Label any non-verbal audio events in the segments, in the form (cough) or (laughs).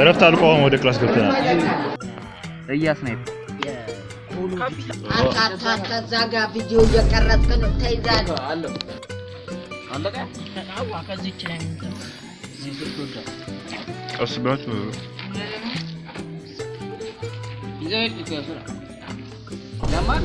እረፍት አልቆ ወደ ክላስ ገብተናል። እያስ ነው ከዛ ጋር ቪዲዮ እየቀረጽክ ነው። ተይዛለህ ቀስ ብላችሁ ለማን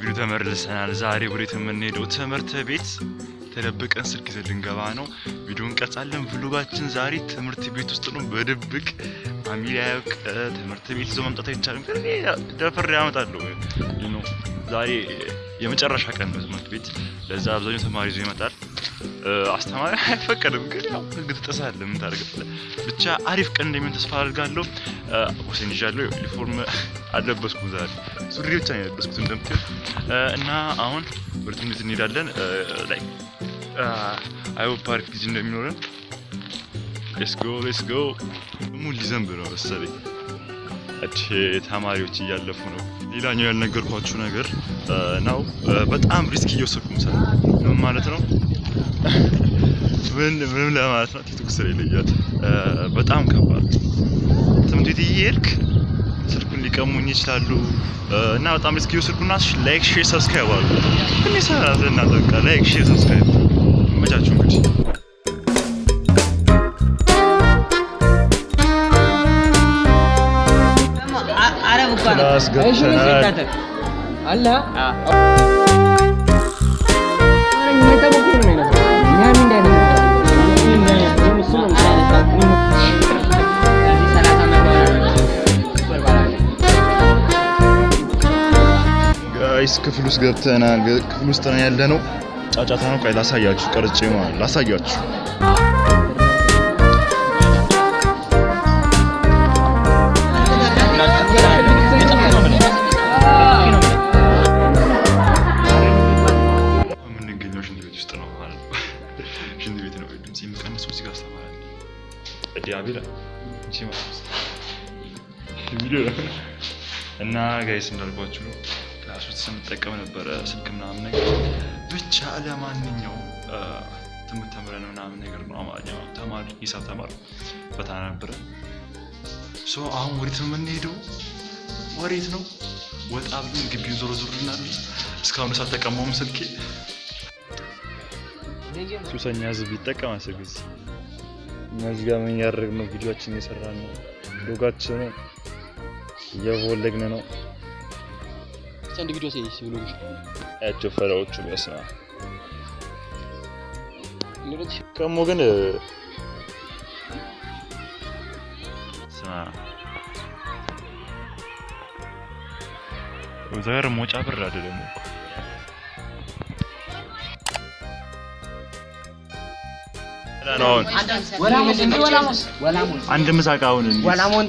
ቪዲዮ ተመልሰናል። ዛሬ ወዴት የምንሄደው? ትምህርት ቤት ተደብቀን ስልክ ይዘን ልንገባ ነው። ቪዲዮ እንቀርጻለን። ብሉጋችን ዛሬ ትምህርት ቤት ውስጥ ነው። በድብቅ አሚር ያውቅ ትምህርት ቤት ይዞ መምጣት አይቻልም። ደፍር ያመጣለሁ። ዛሬ የመጨረሻ ቀን ነው ትምህርት ቤት፣ ለዛ አብዛኛው ተማሪ ይዞ ይመጣል። አስተማሪ (laughs) አይፈቀድም፣ ግን ያው ህግ ትጥሳለህ። ምን ታደርጋለህ? ብቻ አሪፍ ቀን እንደሚሆን ተስፋ አድርጋለሁ። ወሰን ይዣለሁ። ዩኒፎርም (laughs) አለበስኩም ዛሬ ሱሪ ብቻ ነው የለበስኩት እንደምትል እና አሁን ወደ ትምህርት እንሄዳለን። ላይ አይወ ፓርክ ጊዜ እንደሚኖረን ሌስ ጎ ሌስ ጎ። ሙሉ ሊዘንብ ነው መሰለኝ። ተማሪዎች እያለፉ ነው። ሌላኛው ያልነገርኳችሁ ነገር ነው። በጣም ሪስክ ምን ማለት ነው ምንም ለማለት ነው። ቲክቶክ ስር ይለያል። በጣም ከባድ ትምህርት ቤት እየሄድክ ስልኩን ሊቀሙኝ ይችላሉ እና በጣም ሪስክ እየወሰድኩና ላይክ፣ ሼር፣ ሰብስክራይብ አሉ ምን ይሰራል እናንተ በቃ ላይክ፣ ሼር፣ ሰብስክራይብ መቻችሁ እንግዲህ ስላስገብተናል አላ ጋይስ ክፍል ውስጥ ገብተናል። ክፍል ውስጥ ነው ያለ ነው። ጫጫታ ነው። ቆይ ላሳያችሁ፣ ቀርጬ ማለት ላሳያችሁ። የምንገኘው ሽንት ቤት ውስጥ ነው ማለት ነው። ሽንት ቤት ነው ድምፅ የሚቀንሰው እዚህ ጋር እና ጋይስ እንዳልኳችሁ ነው ራሱ ስንጠቀም ነበረ ስልክ ምናምን ነገር ብቻ ለማንኛውም ትምህርት ተምረን ምናምን ነገር ነው አማርኛ ተማሪ ሂሳብ ተማር ፈታ ነበረ። አሁን ወዴት ነው የምንሄደው? ወዴት ነው ወጣ ብለን ግቢውን ዞሮ ዞር ልናለ እስካሁን ተቀመውም ስልኬ ሱሰኛ ህዝብ ይጠቀማል ስግዝ እኛ እዚህ ጋር ምን ያደረግነው? ቪዲዮችን የሰራ ነው፣ ዶጋችን እየፈለግን ነው Ți-a individuat ያቸው ፈረዎቹ መስና ከሞ ግን እዛ ጋር ሞጫ ብር አይደለም እኮ አንድ ምሳቃ ወላሞን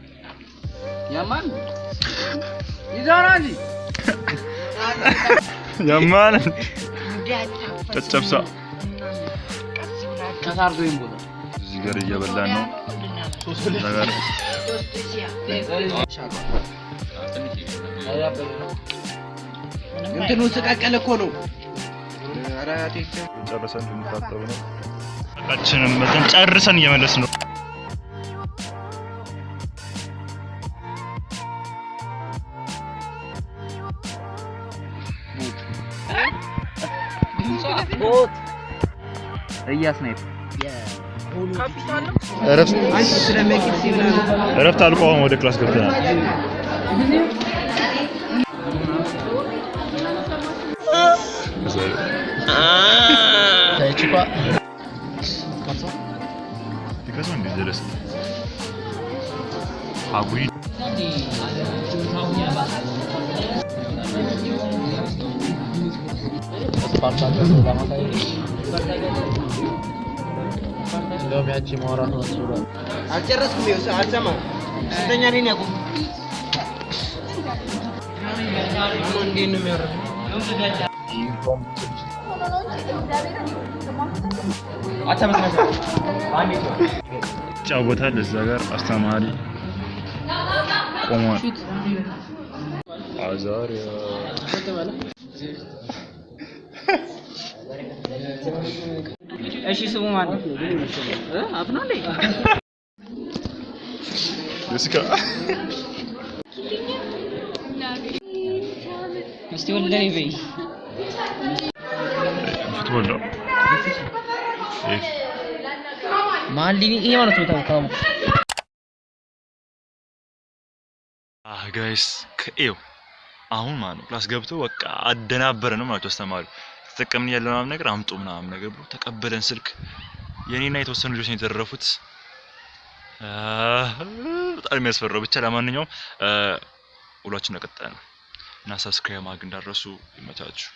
Yaman mı? ጨጨብሳ ከሳርዶይም ቦታ እየበላን ነው። እንትኑ ስቀቀለ እኮ ነው። ጨርሰን ልንታጠብ ነው። ጨርሰን እየመለስ ነው። ስኔፕ እረፍት አልቆ አሁን ወደ ክላስ ገብተናል። How we እንደውም ያቺ ማውራት ነው አልጨረስኩም። ነው ያቁም። እንዴት ነው እዛ ጋር አስተማሪ ቆሟል። እሺ ስሙ ማን? አፍና እንዴ ዮሲካ እስቲ ወላሂ በይ ፉትቦል ነው ማሊኒ ይሄ ማለት ነው ታውቃለህ ጋይስ ከኤው አሁን ማለት ነው ክላስ ገብቶ በቃ አደናበረ ነው ማለት አስተማሪው ተጠቀምን ያለ ምናምን ነገር አምጡ ምናምን ነገር ብሎ ተቀበለን ስልክ የኔና የተወሰኑ ልጆች ነው የተረፉት። በጣም የሚያስፈራው ብቻ። ለማንኛውም ውሏችን ተቀጣ ነው እና ሰብስክራይብ ማግ እንዳረሱ ይመቻችሁ።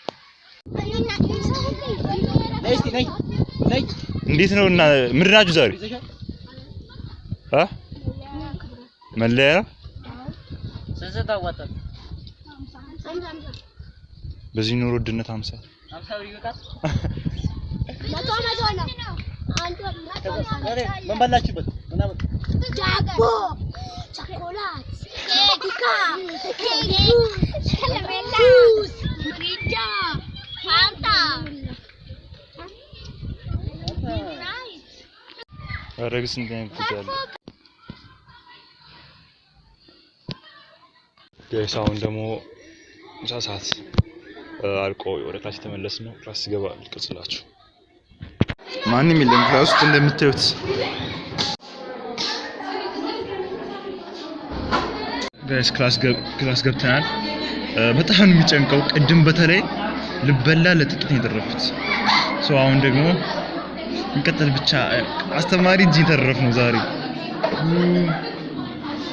እንዴት ነው እና ምድናጁ ዛሬ እ መለያ ነው በዚህ ኑሮ ውድነት ሀምሳ ምን በላችሁበት? ዳቦ፣ ቸኮላት፣ ጋይስ አሁን ደግሞ ምሳ ሰዓት አልቆ ወደ ክላስ የተመለስ ነው። ክላስ ስገባ ልቀጽላችሁ። ማንም የለም ክላስ ውስጥ እንደምታዩት ጋይስ ክላስ ገብተናል። በጣም የሚጨንቀው። ቅድም በተለይ ልበላ ለጥቂት ነው የተረፉት። አሁን ደግሞ እንቀጥል ብቻ አስተማሪ እንጂ የተረፍ ነው ዛሬ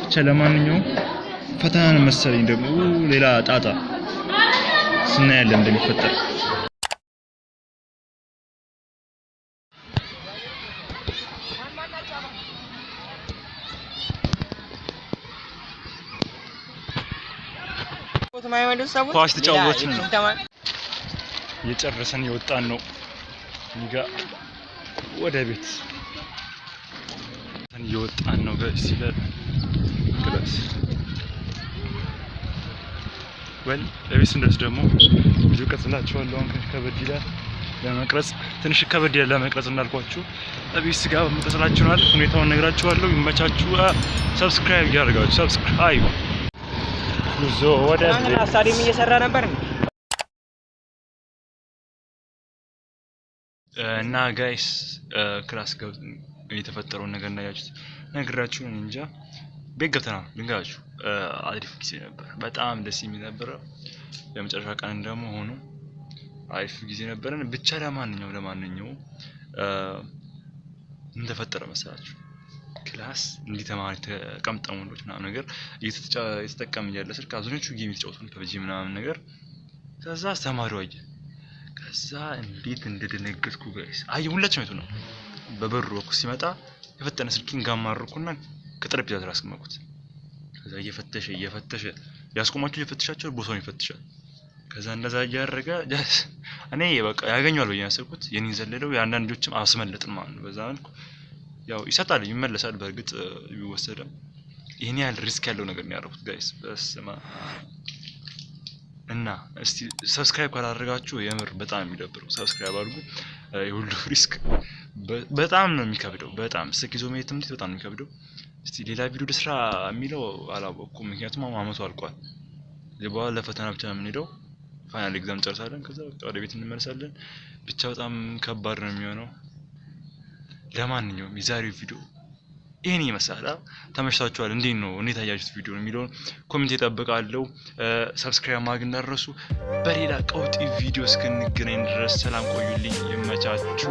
ብቻ። ለማንኛውም ፈተና ነው መሰለኝ ደግሞ ሌላ ጣጣ እናያለን እንደሚፈጠር። ኳስ ተጫወትን ነው የጨረሰን የወጣን ነው። እዚጋ ወደ ቤት የወጣን ነው ጋይስ ይላል ክላስ ወል ለቤት ስንደርስ ደግሞ ብዙ ቀርጽ ላችኋለሁ። አሁን ከሽ ከበድ ይላል ለመቅረጽ ትንሽ ከበድ ይላል ለመቅረጽ እንዳልኳችሁ እቤት ስጋ በመቀረጽላችኋል። ሁኔታውን ነግራችኋለሁ። ይመቻችሁ። ሰብስክራይብ እያደረጋችሁ ሰብስክራይብ ጉዞ ወደ አሳሪም እየሰራ ነበር እና ጋይስ ክላስ ገብተን የተፈጠረውን ነገር እንዳያችሁት ነግራችሁ እንጃ ቤት ገብተናል ልንገራችሁ አሪፍ ጊዜ ነበር። በጣም ደስ የሚል ነበረ። የመጨረሻ ቀን ደግሞ ሆኖ አሪፍ ጊዜ ነበረን። ብቻ ለማንኛውም ለማንኛውም ምን ተፈጠረ መሰላችሁ? ክላስ እንዲህ ተማሪ ተቀምጠን ወንዶች ምናምን ነገር እየተጠቀም እያለ ስልክ አብዛኞቹ ጌም የተጫወቱ ፐብጂ ምናምን ነገር ከዛ አስተማሪ አየ። ከዛ እንዴት እንደደነገጥኩ ጋይስ አየ። ሁላችንም አይቶ ነው በበሩ በኩል ሲመጣ የፈጠነ ስልኪን ጋማርኩና ከጠረጴዛ ስር አስቀመጥኩት። ከዛ እየፈተሸ እየፈተሸ ያስቆማቸው እየፈተሻቸው ቦታውን ይፈትሻል። ከዛ እንደዛ እያደረገ እኔ በቃ ያገኘዋል ብዬ ያሰብኩት የኔን ዘለለው የአንዳንድ ልጆችም አስመለጥን ማለት ነው። በዛ መልኩ ያው ይሰጣል፣ ይመለሳል። በእርግጥ ቢወሰድም ይህን ያህል ሪስክ ያለው ነገር ነው ያደረኩት ጋይስ። በስመ አብ እና እስቲ ሰብስክራይብ ካላደረጋችሁ የምር በጣም የሚደብረው ሰብስክራይብ አድርጉ። የሁሉ ሪስክ በጣም ነው የሚከብደው። በጣም ስኪዞ መሄድ ትምህርት በጣም ነው የሚከብደው። እስቲ ሌላ ቪዲዮ ልስራ የሚለው አላወቅኩም። ምክንያቱም አሁን አመቱ አልቋል። በኋላ ለፈተና ብቻ ነው የምንሄደው። ፋይናል ኤግዛም ጨርሳለን፣ ከዛ በቃ ወደ ቤት እንመለሳለን። ብቻ በጣም ከባድ ነው የሚሆነው። ለማንኛውም የዛሬው ቪዲዮ ይህን ይመስላል። ተመችቷችኋል? እንዴት ነው እንዴት አያችሁት ቪዲዮ የሚለውን ኮሜንት እጠብቃለሁ። ሰብስክራይብ ማድረግ እንዳትረሱ። በሌላ ቀውጢ ቪዲዮ እስክንገናኝ ድረስ ሰላም ቆዩልኝ። ይመቻችሁ።